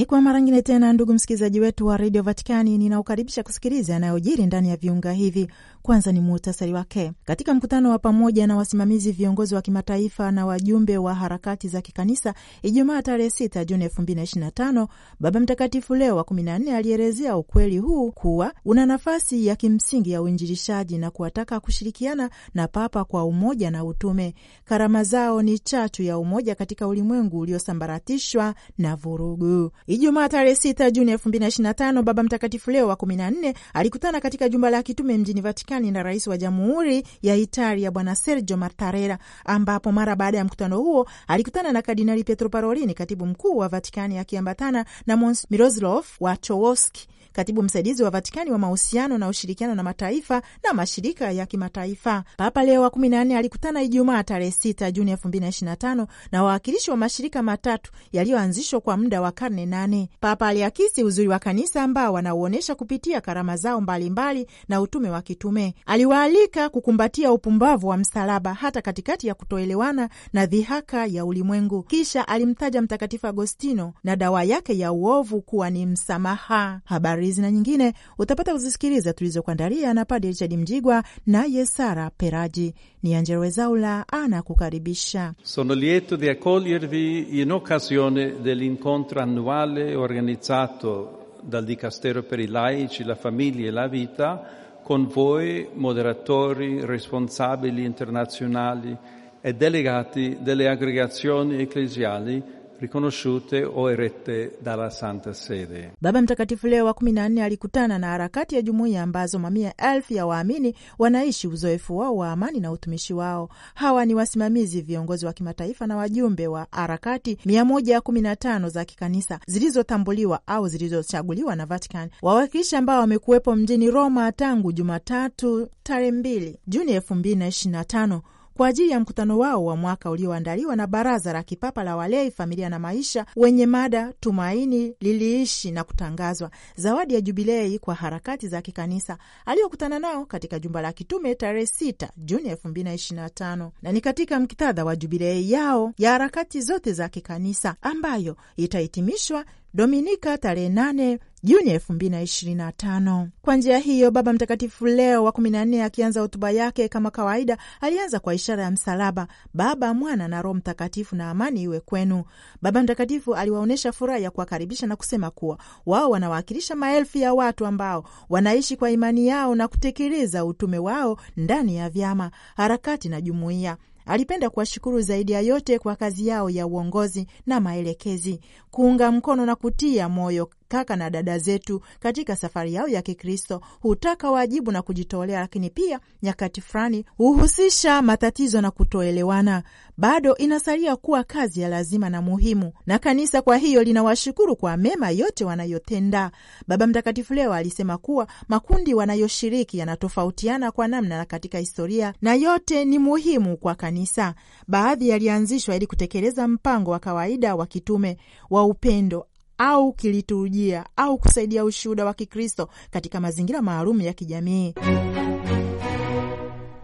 Ni kwa mara ngine tena, ndugu msikilizaji wetu wa redio Vatikani, ninaukaribisha kusikiliza yanayojiri ndani ya viunga hivi. Kwanza ni muhtasari wake. Katika mkutano wa pamoja na wasimamizi, viongozi wa kimataifa na wajumbe wa harakati za kikanisa Ijumaa tarehe 6 Juni 2025, Baba Mtakatifu Leo wa 14 alielezea ukweli huu kuwa una nafasi ya kimsingi ya uinjilishaji na kuwataka kushirikiana na Papa kwa umoja na utume. Karama zao ni chachu ya umoja katika ulimwengu uliosambaratishwa na vurugu. Ijumaa tarehe 6 Juni 2025 Baba Mtakatifu Leo wa 14 alikutana katika jumba la kitume mjini Vatikani na rais wa jamhuri ya Italia Bwana Sergio Mattarella, ambapo mara baada ya mkutano huo alikutana na Kardinali Pietro Parolini, katibu mkuu wa Vatikani, akiambatana na Mons Miroslav Wachowski katibu msaidizi wa Vatikani wa mahusiano na ushirikiano na mataifa na mashirika ya kimataifa. Papa Leo wa kumi na nne alikutana Ijumaa tarehe sita Juni elfu mbili na na tano na wawakilishi wa mashirika matatu yaliyoanzishwa kwa muda wa karne nane. Papa aliakisi uzuri wa kanisa ambao wanauonyesha kupitia karama zao mbalimbali mbali na utume wa kitume. Aliwaalika kukumbatia upumbavu wa msalaba hata katikati ya kutoelewana na dhihaka ya ulimwengu. Kisha alimtaja Mtakatifu Agostino na dawa yake ya uovu kuwa ni msamaha. Habari habari zina nyingine utapata kuzisikiliza tulizokuandalia na Padre Richard Mjigwa naye Sara Peraji. Ni Angelo Wezaula anakukaribisha. Sono lieto di accogliervi in occasione dell'incontro annuale organizzato dal Dicastero per i laici, la famiglia e la vita con voi moderatori, responsabili internazionali e delegati delle aggregazioni ecclesiali riconosciute o erette dalla Santa Sede. Baba Mtakatifu Leo wa kumi na nne alikutana na harakati ya jumuiya ambazo mamia elfu ya waamini wanaishi uzoefu wao wa amani na utumishi wao. Hawa ni wasimamizi, viongozi wa kimataifa na wajumbe wa harakati mia moja kumi na tano za kikanisa zilizotambuliwa au zilizochaguliwa na Vatican, wawakilishi ambao wamekuwepo mjini Roma tangu Jumatatu tarehe mbili Juni elfu mbili na na tano kwa ajili ya mkutano wao wa mwaka ulioandaliwa na Baraza la Kipapa la Walei, Familia na Maisha, wenye mada tumaini liliishi na kutangazwa, zawadi ya Jubilei kwa harakati za kikanisa, aliyokutana nao katika jumba la kitume tarehe 6 Juni 2025 na ni katika mktadha wa Jubilei yao ya harakati zote za kikanisa ambayo itahitimishwa Dominika tarehe 8 Juni 2025. Kwa njia hiyo, Baba Mtakatifu Leo wa 14 akianza hotuba yake kama kawaida, alianza kwa ishara ya msalaba: Baba, Mwana na Roho Mtakatifu, na amani iwe kwenu. Baba Mtakatifu aliwaonyesha furaha ya kuwakaribisha na kusema kuwa wao wanawakilisha maelfu ya watu ambao wanaishi kwa imani yao na kutekeleza utume wao ndani ya vyama, harakati na jumuiya, Alipenda kuwashukuru zaidi ya yote kwa kazi yao ya uongozi na maelekezi, kuunga mkono na kutia moyo kaka na dada zetu katika safari yao ya Kikristo hutaka wajibu na kujitolea, lakini pia nyakati fulani huhusisha matatizo na kutoelewana. Bado inasalia kuwa kazi ya lazima na muhimu, na kanisa kwa hiyo linawashukuru kwa mema yote wanayotenda. Baba Mtakatifu leo alisema kuwa makundi wanayoshiriki yanatofautiana kwa namna katika historia, na yote ni muhimu kwa kanisa. Baadhi yalianzishwa ili kutekeleza mpango wa kawaida wa kitume wa upendo au kiliturujia au kusaidia ushuhuda wa Kikristo katika mazingira maalum ya kijamii.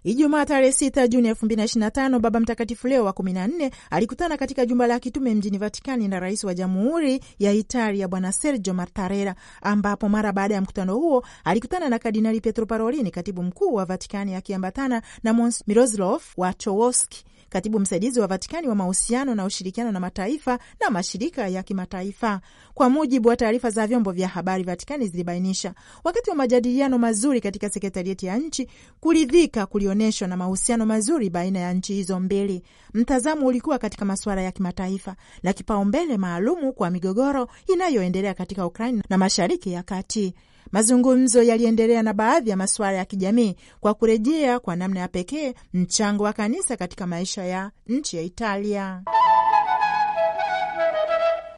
Ijumaa tarehe 6 Juni 2025 Baba Mtakatifu Leo wa 14 alikutana katika jumba la kitume mjini Vatikani na rais wa jamhuri ya Italia Bwana Sergio Mattarella, ambapo mara baada ya mkutano huo alikutana na Kardinali Pietro Parolini, katibu mkuu wa Vatikani, akiambatana na Mons Miroslav Wachowski katibu msaidizi wa Vatikani wa mahusiano na ushirikiano na mataifa na mashirika ya kimataifa. Kwa mujibu wa taarifa za vyombo vya habari, Vatikani zilibainisha wakati wa majadiliano mazuri katika sekretarieti ya nchi, kuridhika kulionyeshwa na mahusiano mazuri baina ya nchi hizo mbili. Mtazamo ulikuwa katika masuala ya kimataifa na kipaumbele maalumu kwa migogoro inayoendelea katika Ukraini na Mashariki ya Kati. Mazungumzo yaliendelea na baadhi ya masuala ya kijamii kwa kurejea kwa namna ya pekee mchango wa kanisa katika maisha ya nchi ya Italia.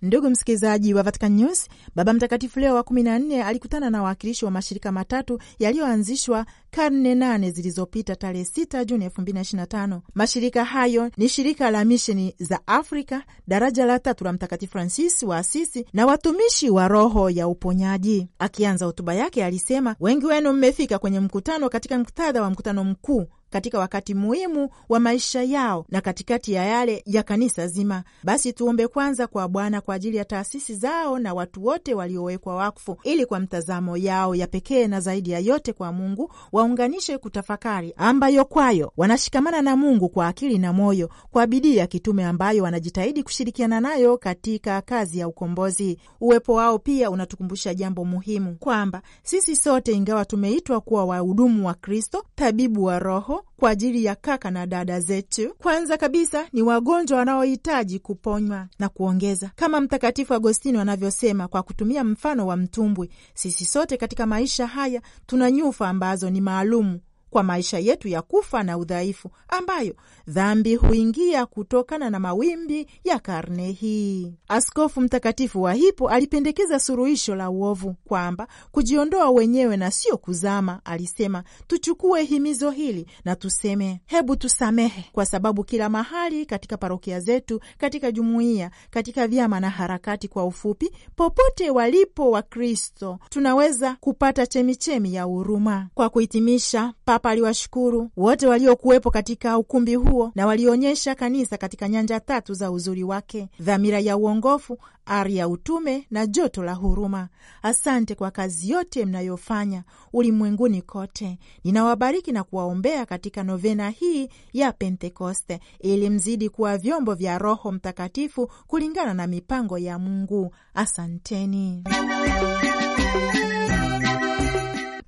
Ndugu msikilizaji wa Vatican News, Baba Mtakatifu Leo wa kumi na nne alikutana na wawakilishi wa mashirika matatu yaliyoanzishwa karne nane zilizopita tarehe 6 Juni 2025. Mashirika hayo ni shirika la misheni za Afrika, daraja la tatu la Mtakatifu Francis wa Asisi na watumishi wa roho ya uponyaji. Akianza hotuba yake alisema, wengi wenu mmefika kwenye mkutano katika muktadha wa mkutano mkuu katika wakati muhimu wa maisha yao na katikati ya yale ya kanisa zima. Basi tuombe kwanza kwa Bwana kwa ajili ya taasisi zao na watu wote waliowekwa wakfu, ili kwa mtazamo yao ya pekee na zaidi ya yote kwa Mungu waunganishe kutafakari, ambayo kwayo wanashikamana na Mungu kwa akili na moyo, kwa bidii ya kitume ambayo wanajitahidi kushirikiana nayo katika kazi ya ukombozi. Uwepo wao pia unatukumbusha jambo muhimu kwamba sisi sote, ingawa tumeitwa kuwa wahudumu wa Kristo, tabibu wa roho kwa ajili ya kaka na dada zetu. Kwanza kabisa ni wagonjwa wanaohitaji kuponywa na kuongeza, kama Mtakatifu Agostino anavyosema kwa kutumia mfano wa mtumbwi, sisi sote katika maisha haya tuna nyufa ambazo ni maalumu kwa maisha yetu ya kufa na udhaifu ambayo dhambi huingia kutokana na mawimbi ya karne hii. Askofu mtakatifu wa Hipo alipendekeza suluhisho la uovu kwamba kujiondoa wenyewe na sio kuzama. Alisema tuchukue himizo hili na tuseme, hebu tusamehe, kwa sababu kila mahali katika parokia zetu, katika jumuiya, katika vyama na harakati, kwa ufupi, popote walipo Wakristo tunaweza kupata chemichemi ya huruma. Kwa kuhitimisha, Papa Papa aliwashukuru wote waliokuwepo katika ukumbi huo na walionyesha kanisa katika nyanja tatu za uzuri wake: dhamira ya uongofu, ari ya utume na joto la huruma. Asante kwa kazi yote mnayofanya ulimwenguni kote. Ninawabariki na kuwaombea katika novena hii ya Pentekoste ili mzidi kuwa vyombo vya Roho Mtakatifu kulingana na mipango ya Mungu. Asanteni.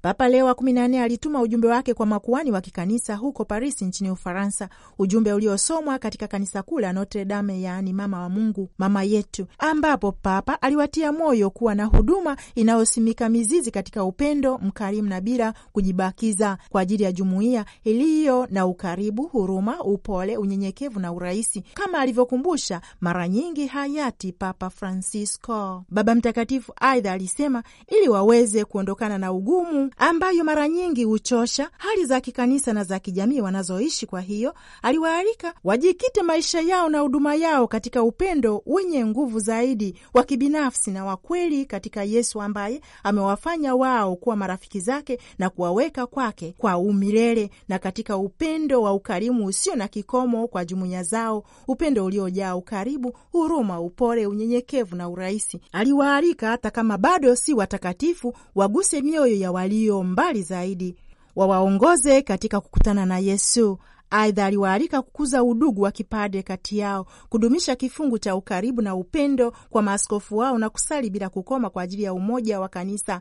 Papa Leo wa 14 alituma ujumbe wake kwa makuani wa kikanisa huko Paris nchini Ufaransa, ujumbe uliosomwa katika kanisa kuu la Notre Dame, yaani mama wa Mungu, mama yetu, ambapo Papa aliwatia moyo kuwa na huduma inayosimika mizizi katika upendo mkarimu na bila kujibakiza kwa ajili ya jumuiya iliyo na ukaribu, huruma, upole, unyenyekevu na urahisi, kama alivyokumbusha mara nyingi hayati Papa Francisco. Baba Mtakatifu aidha alisema ili waweze kuondokana na ugumu ambayo mara nyingi huchosha, hali za kikanisa na za kijamii wanazoishi. Kwa hiyo aliwaalika wajikite maisha yao na huduma yao katika upendo wenye nguvu zaidi wa kibinafsi na wa kweli katika Yesu ambaye amewafanya wao kuwa marafiki zake na kuwaweka kwake kwa umilele na katika upendo wa ukarimu usio na kikomo kwa jumuiya zao, upendo uliojaa ukaribu, huruma, upole, unyenyekevu na urahisi. Aliwaalika hata kama bado si watakatifu, waguse mioyo ya wali walio mbali zaidi wawaongoze katika kukutana na Yesu. Aidha, aliwaalika kukuza udugu wa kipadre kati yao, kudumisha kifungu cha ukaribu na upendo kwa maaskofu wao na kusali bila kukoma kwa ajili ya umoja wa kanisa.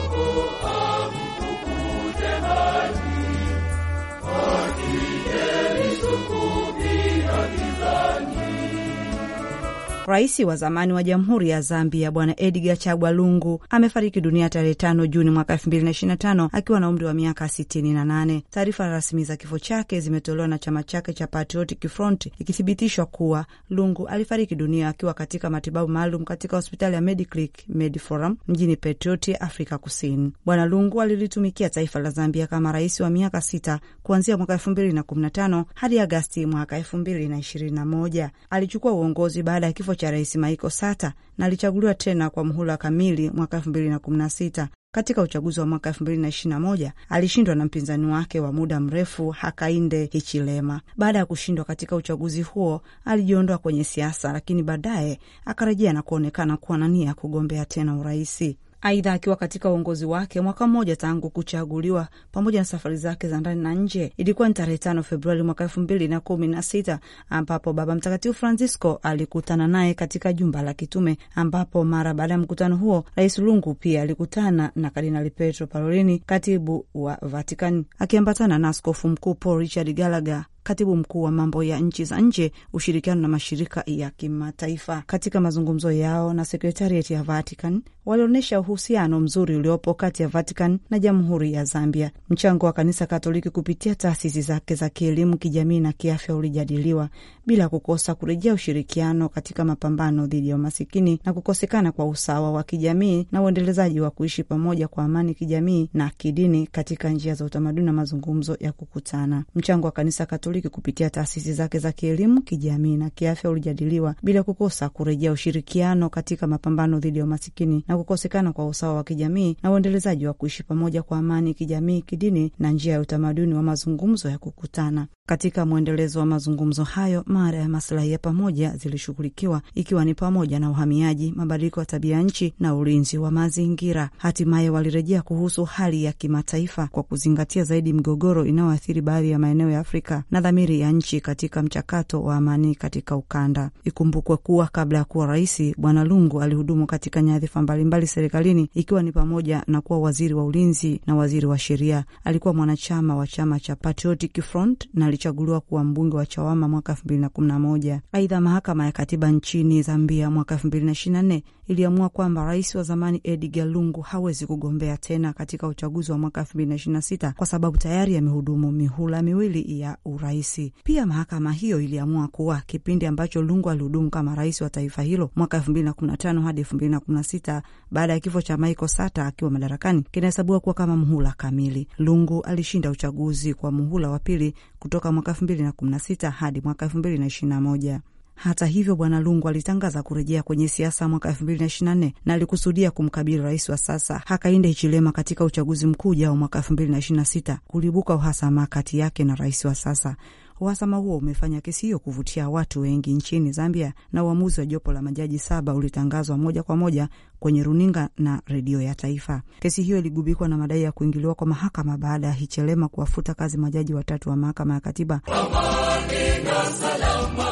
Rais wa zamani wa Jamhuri ya Zambia Bwana Edgar Chagwa Lungu amefariki dunia tarehe tano Juni mwaka 2025 akiwa na umri wa miaka 68. Taarifa rasmi za kifo chake zimetolewa na chama chake cha Patriotic Front, ikithibitishwa kuwa Lungu alifariki dunia akiwa katika matibabu maalum katika hospitali ya Mediclinic Mediforum mjini Patrioti, Afrika Kusini. Bwana Lungu alilitumikia taifa la Zambia kama rais wa miaka sita kuanzia mwaka 2015 hadi Agasti mwaka 2021. Alichukua uongozi baada ya kifo kifo cha rais maiko Sata na alichaguliwa tena kwa mhula kamili mwaka elfu mbili na kumi na sita. Katika uchaguzi wa mwaka elfu mbili na ishirini na moja alishindwa na mpinzani wake wa muda mrefu Hakainde Hichilema. Baada ya kushindwa katika uchaguzi huo, alijiondoa kwenye siasa, lakini baadaye akarejea na kuonekana kuwa na nia ya kugombea tena uraisi. Aidha, akiwa katika uongozi wake mwaka mmoja tangu kuchaguliwa, pamoja na safari zake za ndani na nje, ilikuwa ni tarehe tano Februari mwaka elfu mbili na kumi na sita ambapo Baba Mtakatifu Francisco alikutana naye katika jumba la kitume, ambapo mara baada ya mkutano huo Rais Lungu pia alikutana na Kardinali Petro Parolini, katibu wa Vatikani, akiambatana na askofu mkuu Paul Richard Gallagher katibu mkuu wa mambo ya nchi za nje, ushirikiano na mashirika ya kimataifa. Katika mazungumzo yao na sekretariat ya Vatican, walionyesha uhusiano mzuri uliopo kati ya Vatican na jamhuri ya Zambia. Mchango wa kanisa Katoliki kupitia taasisi zake za kielimu, kijamii na kiafya ulijadiliwa bila kukosa kurejea ushirikiano katika mapambano dhidi ya umasikini na kukosekana kwa usawa wa kijamii na uendelezaji wa kuishi pamoja kwa amani kijamii na kidini katika njia za utamaduni na mazungumzo ya kukutana. Mchango wa kanisa Katoliki Katoliki kupitia taasisi zake za kielimu, kijamii na kiafya ulijadiliwa bila kukosa kurejea ushirikiano katika mapambano dhidi ya umasikini na kukosekana kwa usawa wa kijamii na uendelezaji wa kuishi pamoja kwa amani kijamii, kidini na njia ya utamaduni wa mazungumzo ya kukutana. Katika mwendelezo wa mazungumzo hayo, mada ya maslahi ya pamoja zilishughulikiwa ikiwa ni pamoja na uhamiaji, mabadiliko ya tabia nchi na ulinzi wa mazingira. Hatimaye walirejea kuhusu hali ya kimataifa kwa kuzingatia zaidi migogoro inayoathiri baadhi ya maeneo ya Afrika na dhamiri ya nchi katika mchakato wa amani katika ukanda. Ikumbukwe kuwa kabla ya kuwa rais, Bwana Lungu alihudumu katika nyadhifa mbalimbali serikalini, ikiwa ni pamoja na kuwa waziri wa ulinzi na waziri wa sheria. Alikuwa mwanachama wa chama cha Patriotic Front na alichaguliwa kuwa mbunge wa Chawama mwaka elfu mbili na kumi na moja. Aidha, mahakama ya katiba nchini Zambia mwaka elfu mbili na ishirini na nne iliamua kwamba rais wa zamani Edgar Lungu hawezi kugombea tena katika uchaguzi wa mwaka 2026 kwa sababu tayari amehudumu mihula miwili ya uraisi. Pia mahakama hiyo iliamua kuwa kipindi ambacho Lungu alihudumu kama rais wa taifa hilo mwaka 2015 hadi 2016 baada ya kifo cha Michael Sata akiwa madarakani kinahesabiwa kuwa kama mhula kamili. Lungu alishinda uchaguzi kwa muhula wa pili kutoka mwaka 2016 hadi mwaka 2021. Hata hivyo, Bwana Lungu alitangaza kurejea kwenye siasa mwaka elfu mbili na ishirini na nne na alikusudia kumkabili rais wa sasa Hakainde Hichilema katika uchaguzi mkuu ujao mwaka elfu mbili na ishirini na sita. Kuliibuka uhasama kati yake na rais wa sasa. Uhasama huo umefanya kesi hiyo kuvutia watu wengi nchini Zambia, na uamuzi wa jopo la majaji saba ulitangazwa moja kwa moja kwenye runinga na redio ya taifa. Kesi hiyo iligubikwa na madai ya kuingiliwa kwa mahakama baada ya Hichelema kuwafuta kazi majaji watatu wa mahakama ya katiba. Amani na salama.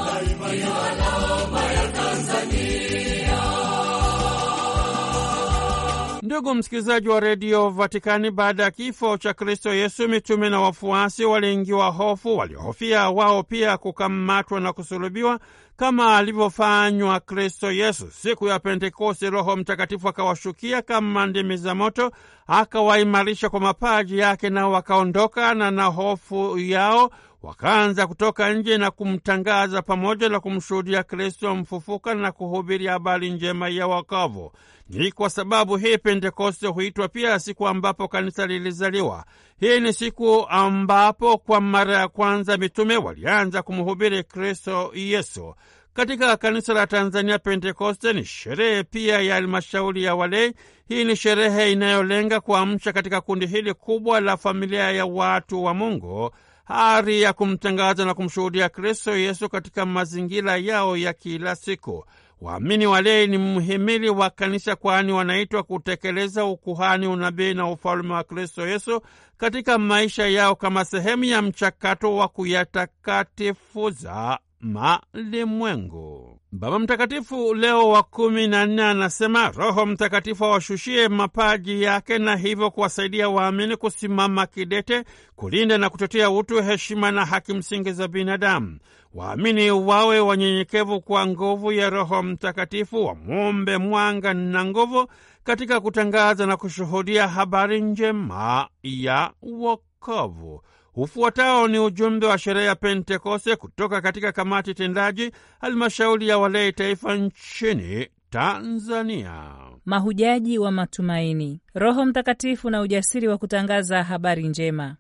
Ndugu msikilizaji wa redio Vatikani, baada ya kifo cha Kristo Yesu, mitume na wafuasi waliingiwa hofu, waliohofia wao pia kukamatwa na kusulubiwa kama alivyofanywa Kristo Yesu. Siku ya Pentekoste, Roho Mtakatifu akawashukia kama ndimi za moto, akawaimarisha kwa mapaji yake, nao wakaondoka na na hofu yao wakaanza kutoka nje na kumtangaza pamoja na kumshuhudia Kristo mfufuka na kuhubiri habari njema ya wakavu. Ni kwa sababu hii Pentekoste huitwa pia siku ambapo kanisa lilizaliwa. Hii ni siku ambapo kwa mara ya kwanza mitume walianza kumhubiri Kristo Yesu. Katika kanisa la Tanzania, Pentekoste ni sherehe pia ya halmashauri ya walei. Hii ni sherehe inayolenga kuamsha katika kundi hili kubwa la familia ya watu wa Mungu ari ya kumtangaza na kumshuhudia Kristo Yesu katika mazingira yao ya kila siku. Waamini walei ni mhimili wa kanisa, kwani wanaitwa kutekeleza ukuhani, unabii na ufalume wa Kristo Yesu katika maisha yao kama sehemu ya mchakato wa kuyatakatifuza malimwengu. Baba Mtakatifu Leo wa kumi na nne anasema Roho Mtakatifu awashushie mapaji yake na hivyo kuwasaidia waamini kusimama kidete kulinda na kutetea utu, heshima na haki msingi za binadamu. Waamini wawe wanyenyekevu kwa nguvu ya Roho Mtakatifu, wamwombe mwanga na nguvu katika kutangaza na kushuhudia habari njema ya wokovu. Ufuatao ni ujumbe wa sherehe ya Pentekoste kutoka katika kamati tendaji halmashauri ya walei taifa nchini Tanzania. Mahujaji wa matumaini, Roho Mtakatifu na ujasiri wa kutangaza habari njema.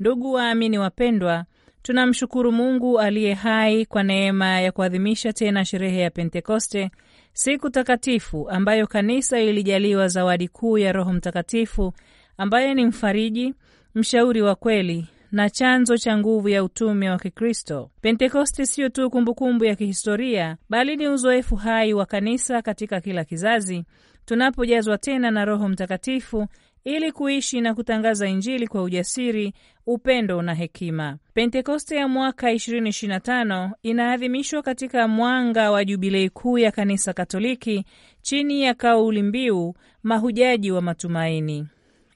Ndugu waamini wapendwa, tunamshukuru Mungu aliye hai kwa neema ya kuadhimisha tena sherehe ya Pentekoste, siku takatifu ambayo kanisa ilijaliwa zawadi kuu ya Roho Mtakatifu ambaye ni mfariji, mshauri wa kweli, na chanzo cha nguvu ya utume wa Kikristo. Pentekoste siyo tu kumbukumbu ya kihistoria, bali ni uzoefu hai wa kanisa katika kila kizazi, tunapojazwa tena na Roho Mtakatifu ili kuishi na kutangaza Injili kwa ujasiri, upendo na hekima. Pentekoste ya mwaka 2025 inaadhimishwa katika mwanga wa Jubilei kuu ya Kanisa Katoliki chini ya kauli mbiu mahujaji wa matumaini.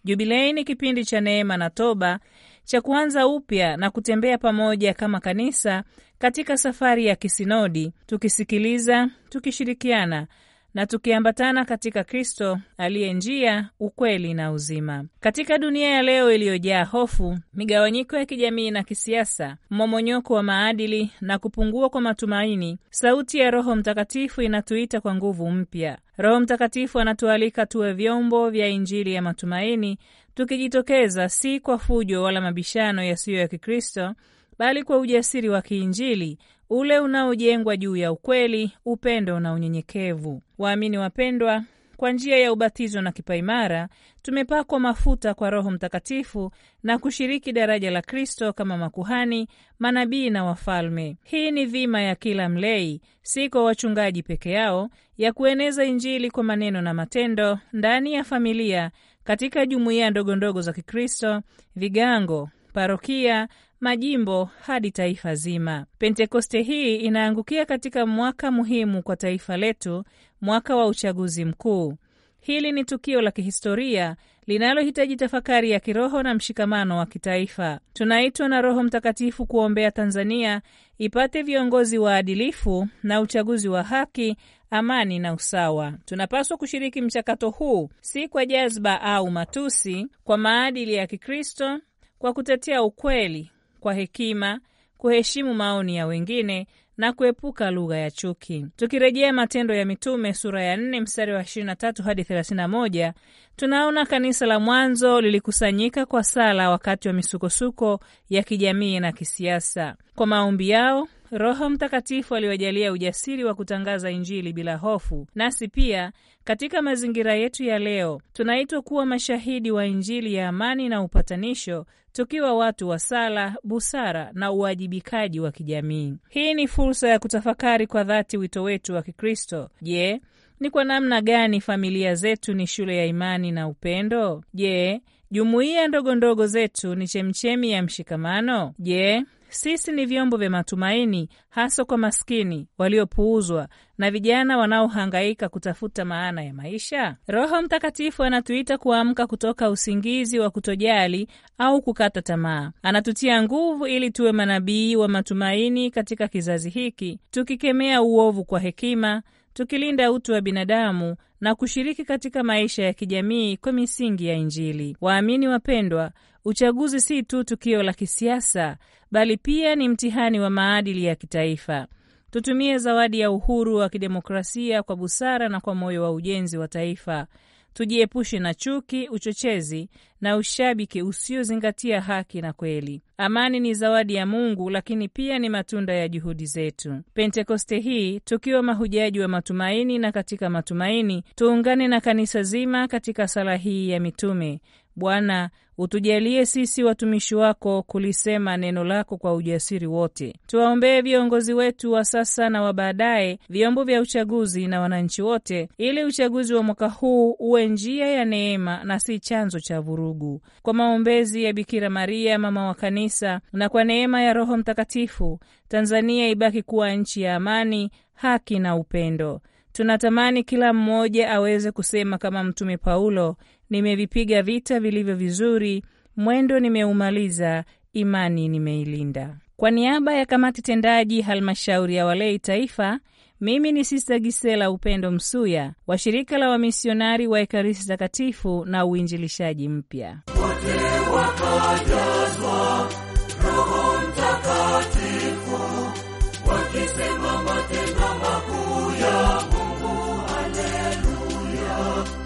Jubilei ni kipindi cha neema na toba cha kuanza upya na kutembea pamoja kama kanisa katika safari ya kisinodi, tukisikiliza, tukishirikiana na tukiambatana katika Kristo aliye njia, ukweli na uzima. Katika dunia ya leo iliyojaa hofu, migawanyiko ya kijamii na kisiasa, mmomonyoko wa maadili na kupungua kwa matumaini, sauti ya Roho Mtakatifu inatuita kwa nguvu mpya. Roho Mtakatifu anatualika tuwe vyombo vya Injili ya matumaini tukijitokeza si kwa fujo wala mabishano yasiyo ya Kikristo, bali kwa ujasiri wa kiinjili ule unaojengwa juu ya ukweli, upendo na unyenyekevu. Waamini wapendwa, kwa njia ya ubatizo na kipaimara tumepakwa mafuta kwa Roho Mtakatifu na kushiriki daraja la Kristo kama makuhani, manabii na wafalme. Hii ni dhima ya kila mlei, si kwa wachungaji peke yao, ya kueneza Injili kwa maneno na matendo ndani ya familia, katika jumuiya ndogondogo za Kikristo, vigango parokia, majimbo hadi taifa zima. Pentekoste hii inaangukia katika mwaka muhimu kwa taifa letu, mwaka wa uchaguzi mkuu. Hili ni tukio la kihistoria linalohitaji tafakari ya kiroho na mshikamano wa kitaifa. Tunaitwa na Roho Mtakatifu kuombea Tanzania ipate viongozi waadilifu na uchaguzi wa haki, amani na usawa. Tunapaswa kushiriki mchakato huu si kwa jazba au matusi, kwa maadili ya Kikristo kwa kutetea ukweli kwa hekima, kuheshimu maoni ya wengine na kuepuka lugha ya chuki. Tukirejea Matendo ya Mitume sura ya 4 mstari wa 23 hadi 31, tunaona kanisa la mwanzo lilikusanyika kwa sala wakati wa misukosuko ya kijamii na kisiasa. Kwa maombi yao, Roho Mtakatifu aliwajalia ujasiri wa kutangaza Injili bila hofu. Nasi pia katika mazingira yetu ya leo tunaitwa kuwa mashahidi wa Injili ya amani na upatanisho tukiwa watu wa sala, busara na uwajibikaji wa kijamii. Hii ni fursa ya kutafakari kwa dhati wito wetu wa Kikristo. Je, ni kwa namna gani familia zetu ni shule ya imani na upendo? Je, jumuiya ndogondogo zetu ni chemchemi ya mshikamano? Je, sisi ni vyombo vya matumaini, hasa kwa maskini, waliopuuzwa na vijana wanaohangaika kutafuta maana ya maisha. Roho Mtakatifu anatuita kuamka kutoka usingizi wa kutojali au kukata tamaa. Anatutia nguvu ili tuwe manabii wa matumaini katika kizazi hiki, tukikemea uovu kwa hekima tukilinda utu wa binadamu na kushiriki katika maisha ya kijamii kwa misingi ya Injili. Waamini wapendwa, uchaguzi si tu tukio la kisiasa, bali pia ni mtihani wa maadili ya kitaifa. Tutumie zawadi ya uhuru wa kidemokrasia kwa busara na kwa moyo wa ujenzi wa taifa tujiepushe na chuki, uchochezi na ushabiki usiozingatia haki na kweli. Amani ni zawadi ya Mungu, lakini pia ni matunda ya juhudi zetu. Pentekoste hii tukiwa mahujaji wa matumaini, na katika matumaini tuungane na kanisa zima katika sala hii ya mitume Bwana, utujalie sisi watumishi wako kulisema neno lako kwa ujasiri wote. Tuwaombee viongozi wetu wa sasa na wa baadaye, vyombo vya uchaguzi na wananchi wote, ili uchaguzi wa mwaka huu uwe njia ya neema na si chanzo cha vurugu. Kwa maombezi ya Bikira Maria, mama wa Kanisa, na kwa neema ya Roho Mtakatifu, Tanzania ibaki kuwa nchi ya amani, haki na upendo. Tunatamani kila mmoja aweze kusema kama Mtume Paulo Nimevipiga vita vilivyo vizuri, mwendo nimeumaliza, imani nimeilinda. Kwa niaba ya kamati tendaji halmashauri ya walei taifa, mimi ni Sista Gisela Upendo Msuya wa shirika la wamisionari wa Ekaristi Takatifu na uinjilishaji mpya.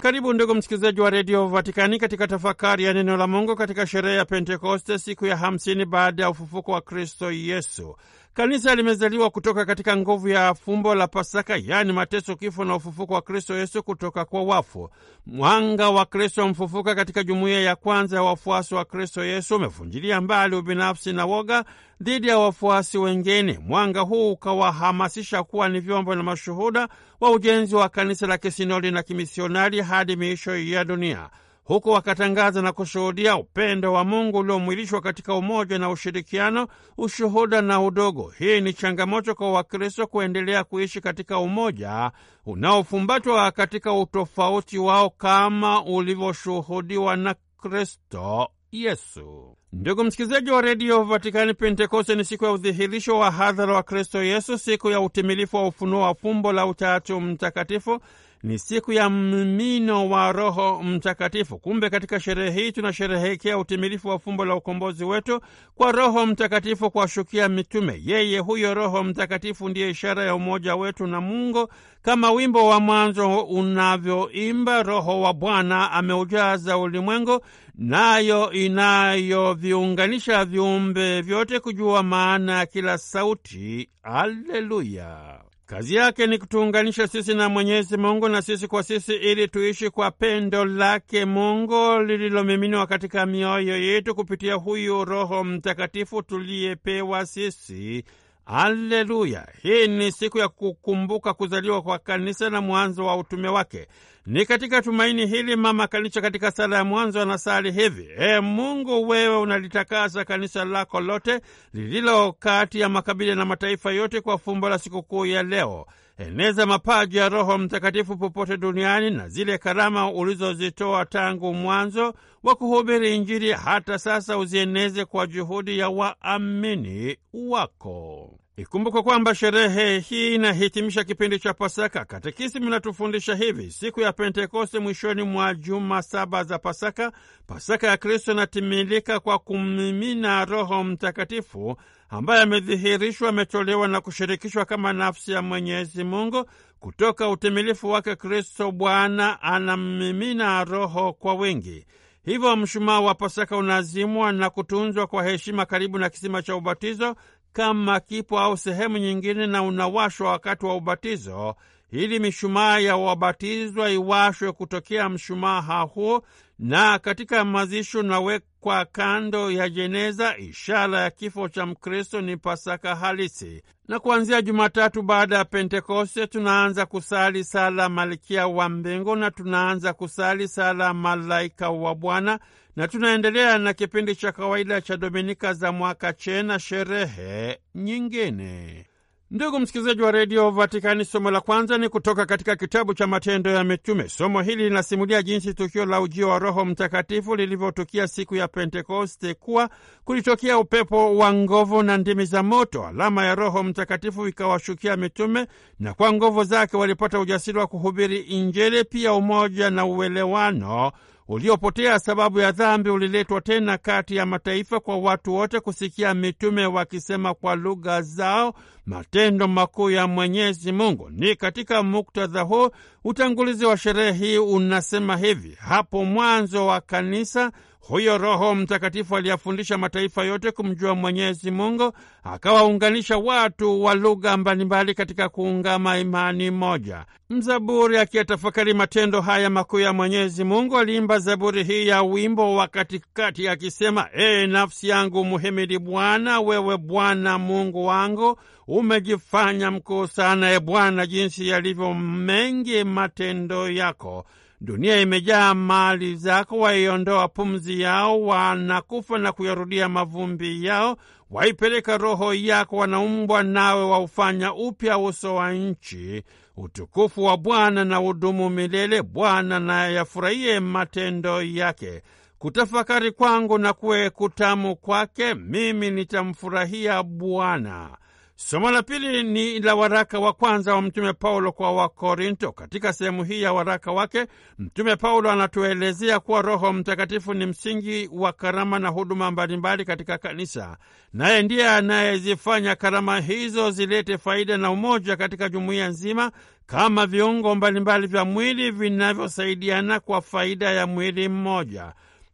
Karibu ndugu msikilizaji wa redio Vatikani katika tafakari ya neno la Mungu katika sherehe ya Pentekoste, siku ya hamsini baada ya ufufuko wa Kristo Yesu. Kanisa limezaliwa kutoka katika nguvu ya fumbo la Pasaka, yaani mateso, kifo na ufufuko wa Kristo Yesu kutoka kwa wafu. Mwanga wa Kristo mfufuka katika jumuiya ya kwanza ya wafuasi wa Kristo Yesu umefunjilia mbali ubinafsi na woga dhidi ya wafuasi wengine. Mwanga huu ukawahamasisha kuwa ni vyombo na mashuhuda wa ujenzi wa kanisa la kisinodi na kimisionari hadi miisho ya dunia huku wakatangaza na kushuhudia upendo wa Mungu uliomwilishwa katika umoja na ushirikiano, ushuhuda na udogo. Hii ni changamoto kwa Wakristo kuendelea kuishi katika umoja unaofumbatwa katika utofauti wao kama ulivyoshuhudiwa na Kristo Yesu. Ndugu msikilizaji wa redio Vatikani, Pentekoste ni siku ya udhihirisho wa hadhara wa Kristo Yesu, siku ya utimilifu wa ufunuo wa fumbo la Utatu Mtakatifu ni siku ya mmino wa Roho Mtakatifu. Kumbe katika sherehe hii tunasherehekea utimilifu wa fumbo la ukombozi wetu kwa Roho Mtakatifu kuwashukia mitume. Yeye huyo Roho Mtakatifu ndiye ishara ya umoja wetu na Mungu, kama wimbo wa mwanzo unavyoimba: Roho wa Bwana ameujaza ulimwengu, nayo inayoviunganisha viumbe vyote kujua maana ya kila sauti. Aleluya! Kazi yake ni kutuunganisha sisi na Mwenyezi Mungu na sisi kwa sisi ili tuishi kwa pendo lake Mungu lililomiminiwa katika mioyo yetu kupitia huyu Roho Mtakatifu tuliyepewa sisi Haleluya! Hii ni siku ya kukumbuka kuzaliwa kwa kanisa na mwanzo wa utume wake. Ni katika tumaini hili mama kanisa katika sala ya mwanzo anasali hivi: E Mungu, wewe unalitakasa kanisa lako lote lililo kati ya makabila na mataifa yote kwa fumbo la sikukuu ya leo eneza mapaji ya Roho Mtakatifu popote duniani na zile karama ulizozitoa tangu mwanzo wa kuhubiri Injili hata sasa uzieneze kwa juhudi ya waamini wako. Ikumbukwe kwamba sherehe hii inahitimisha kipindi cha Pasaka. Katekisimu inatufundisha hivi: siku ya Pentekoste, mwishoni mwa juma saba za Pasaka, Pasaka ya Kristo inatimilika kwa kumimina Roho Mtakatifu ambaye amedhihirishwa, ametolewa na kushirikishwa kama nafsi ya Mwenyezi Mungu. Kutoka utimilifu wake, Kristo Bwana anammimina Roho kwa wingi. Hivyo mshumaa wa Pasaka unazimwa na kutunzwa kwa heshima karibu na kisima cha ubatizo kama kipo au sehemu nyingine na unawashwa wakati wa ubatizo, ili mishumaa ya wabatizwa iwashwe kutokea mshumaa huo na katika mazisho nawekwa kando ya jeneza, ishara ya kifo cha Mkristo ni Pasaka halisi. Na kuanzia Jumatatu baada ya Pentekoste tunaanza kusali sala malikia wa Mbingu na tunaanza kusali sala Malaika wa Bwana na tunaendelea na kipindi cha kawaida cha Dominika za mwaka chena sherehe nyingine. Ndugu msikilizaji wa redio Vatikani, somo la kwanza ni kutoka katika kitabu cha Matendo ya Mitume. Somo hili linasimulia jinsi tukio la ujio wa Roho Mtakatifu lilivyotukia siku ya Pentekoste, kuwa kulitokea upepo wa nguvu na ndimi za moto. Alama ya Roho Mtakatifu ikawashukia mitume, na kwa nguvu zake walipata ujasiri wa kuhubiri Injili, pia umoja na uelewano uliopotea sababu ya dhambi uliletwa tena kati ya mataifa kwa watu wote kusikia mitume wakisema kwa lugha zao matendo makuu ya Mwenyezi Mungu. Ni katika muktadha huu utangulizi wa sherehe hii unasema hivi: hapo mwanzo wa kanisa huyo Roho Mtakatifu aliyafundisha mataifa yote kumjua Mwenyezi Mungu, akawaunganisha watu wa lugha mbalimbali katika kuungama imani moja. Mzaburi akiyatafakari matendo haya makuu ya Mwenyezi Mungu aliimba zaburi hii ya wimbo wa katikati akisema: E nafsi yangu muhimidi Bwana, wewe Bwana Mungu wangu umejifanya mkuu sana. E Bwana, jinsi yalivyo mengi matendo yako Dunia imejaa mali zako, waiondoa pumzi yao, wanakufa na kuyarudia mavumbi yao. Waipeleka roho yako, wanaumbwa nawe, waufanya upya uso wa nchi. Utukufu wa Bwana na udumu milele. Bwana na yafurahie matendo yake. Kutafakari kwangu na kuwe kutamu kwake, mimi nitamfurahia Bwana. Somo la pili ni la waraka wa kwanza wa Mtume Paulo kwa Wakorinto. Katika sehemu hii ya waraka wake, Mtume Paulo anatuelezea kuwa Roho Mtakatifu ni msingi wa karama na huduma mbalimbali katika kanisa, naye ndiye anayezifanya karama hizo zilete faida na umoja katika jumuiya nzima, kama viungo mbalimbali vya mwili vinavyosaidiana kwa faida ya mwili mmoja.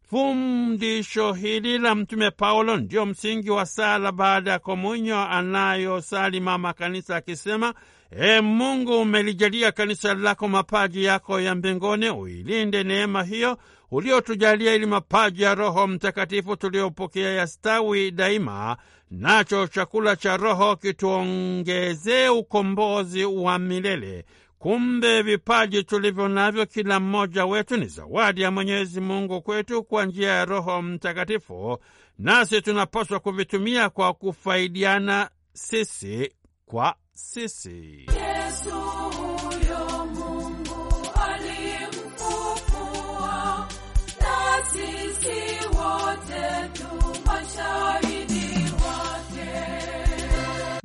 Fundisho hili la Mtume Paulo ndio msingi wa sala baada ya komunyo anayosali mama kanisa akisema: E Mungu, umelijalia kanisa lako mapaji yako ya mbinguni, uilinde neema hiyo uliotujalia ili mapaji ya Roho Mtakatifu tuliyopokea yastawi daima, nacho chakula cha Roho kituongezee ukombozi wa milele Kumbe vipaji tulivyo navyo kila mmoja wetu ni zawadi ya Mwenyezi Mungu kwetu kwa njia ya Roho Mtakatifu, nasi tunapaswa kuvitumia kwa kufaidiana sisi kwa sisi Yesu.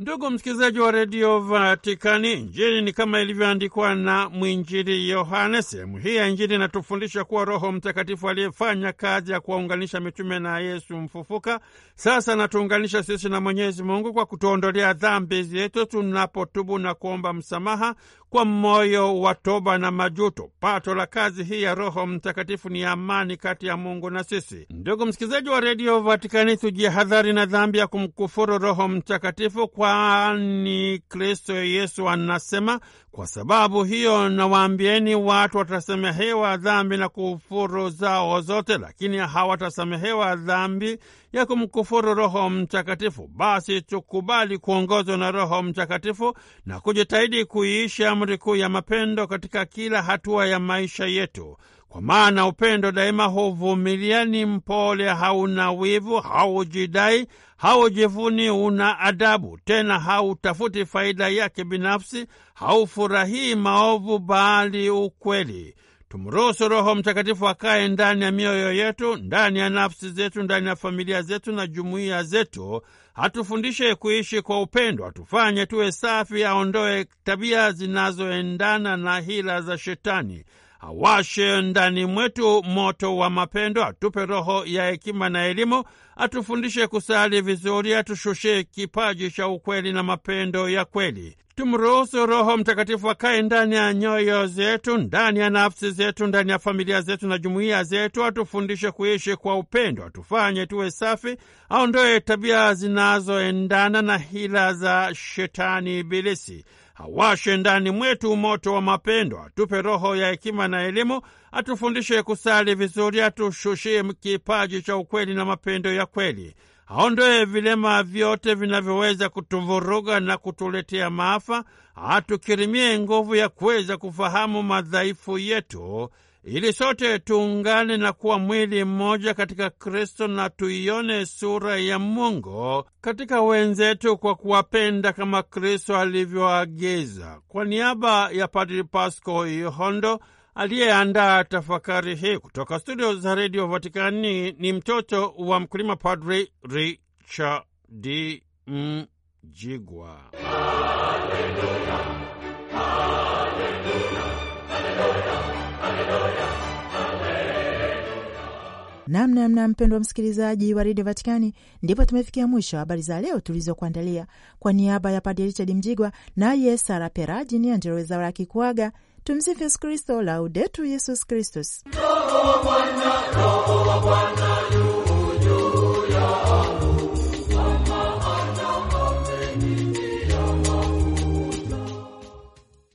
Ndugu msikilizaji wa redio Vatikani, Injili ni kama ilivyoandikwa na mwinjili Yohane. Sehemu hii ya Injili inatufundisha kuwa Roho Mtakatifu aliyefanya kazi ya kuwaunganisha mitume na Yesu mfufuka, sasa anatuunganisha sisi na Mwenyezi Mungu kwa kutuondolea dhambi zetu tunapotubu na kuomba msamaha kwa moyo wa toba na majuto. Pato la kazi hii ya Roho Mtakatifu ni amani kati ya Mungu na sisi. Ndugu msikilizaji wa redio Vatikani, tujihadhari na dhambi ya kumkufuru Roho Mtakatifu, kwani Kristo Yesu anasema, kwa sababu hiyo nawaambieni, watu watasamehewa dhambi na kufuru zao zote, lakini hawatasamehewa dhambi ya kumkufuru Roho Mtakatifu. Basi tukubali kuongozwa na Roho Mtakatifu na kujitahidi kuiishi amri kuu ya mapendo katika kila hatua ya maisha yetu, kwa maana upendo daima huvumilia, ni mpole, hauna wivu, haujidai, haujivuni, una adabu, tena hautafuti faida yake binafsi, haufurahii maovu, bali ukweli. Tumruhusu Roho Mtakatifu akaye ndani ya mioyo yetu, ndani ya nafsi zetu, ndani ya familia zetu na jumuiya zetu, atufundishe kuishi kwa upendo, atufanye tuwe safi, aondoe tabia zinazoendana na hila za Shetani, awashe ndani mwetu moto wa mapendo, atupe roho ya hekima na elimu, atufundishe kusali vizuri, atushushe kipaji cha ukweli na mapendo ya kweli. Tumruhusu Roho Mtakatifu akae ndani ya nyoyo zetu, ndani ya nafsi zetu, ndani ya familia zetu na jumuiya zetu, atufundishe kuishi kwa upendo, atufanye tuwe safi, aondoe tabia zinazoendana na hila za shetani Ibilisi awashe ndani mwetu moto wa mapendo, atupe roho ya hekima na elimu, atufundishe kusali vizuri, atushushie kipaji cha ukweli na mapendo ya kweli, aondoe vilema vyote vinavyoweza kutuvuruga na kutuletea maafa, atukirimie nguvu ya kuweza kufahamu madhaifu yetu ili sote tuungane na kuwa mwili mmoja katika Kristo na tuione sura ya Mungu katika wenzetu kwa kuwapenda kama Kristo alivyoagiza. Kwa niaba ya Padri Pasko Yohondo aliyeandaa tafakari hii kutoka studio za redio Vatikani, ni mtoto wa mkulima Padri Richard Mjigwa. Mjigwa. Hallelujah. Namna namna, mpendwa msikilizaji wa redio Vatikani, ndipo tumefikia mwisho habari za leo tulizokuandalia. Kwa, kwa niaba ya Padre Richard Mjigwa naye Sara Peraji ni Anjeroweza Raki kuaga. Tumsifu Yesu Kristo, laudetu Yesus Kristus.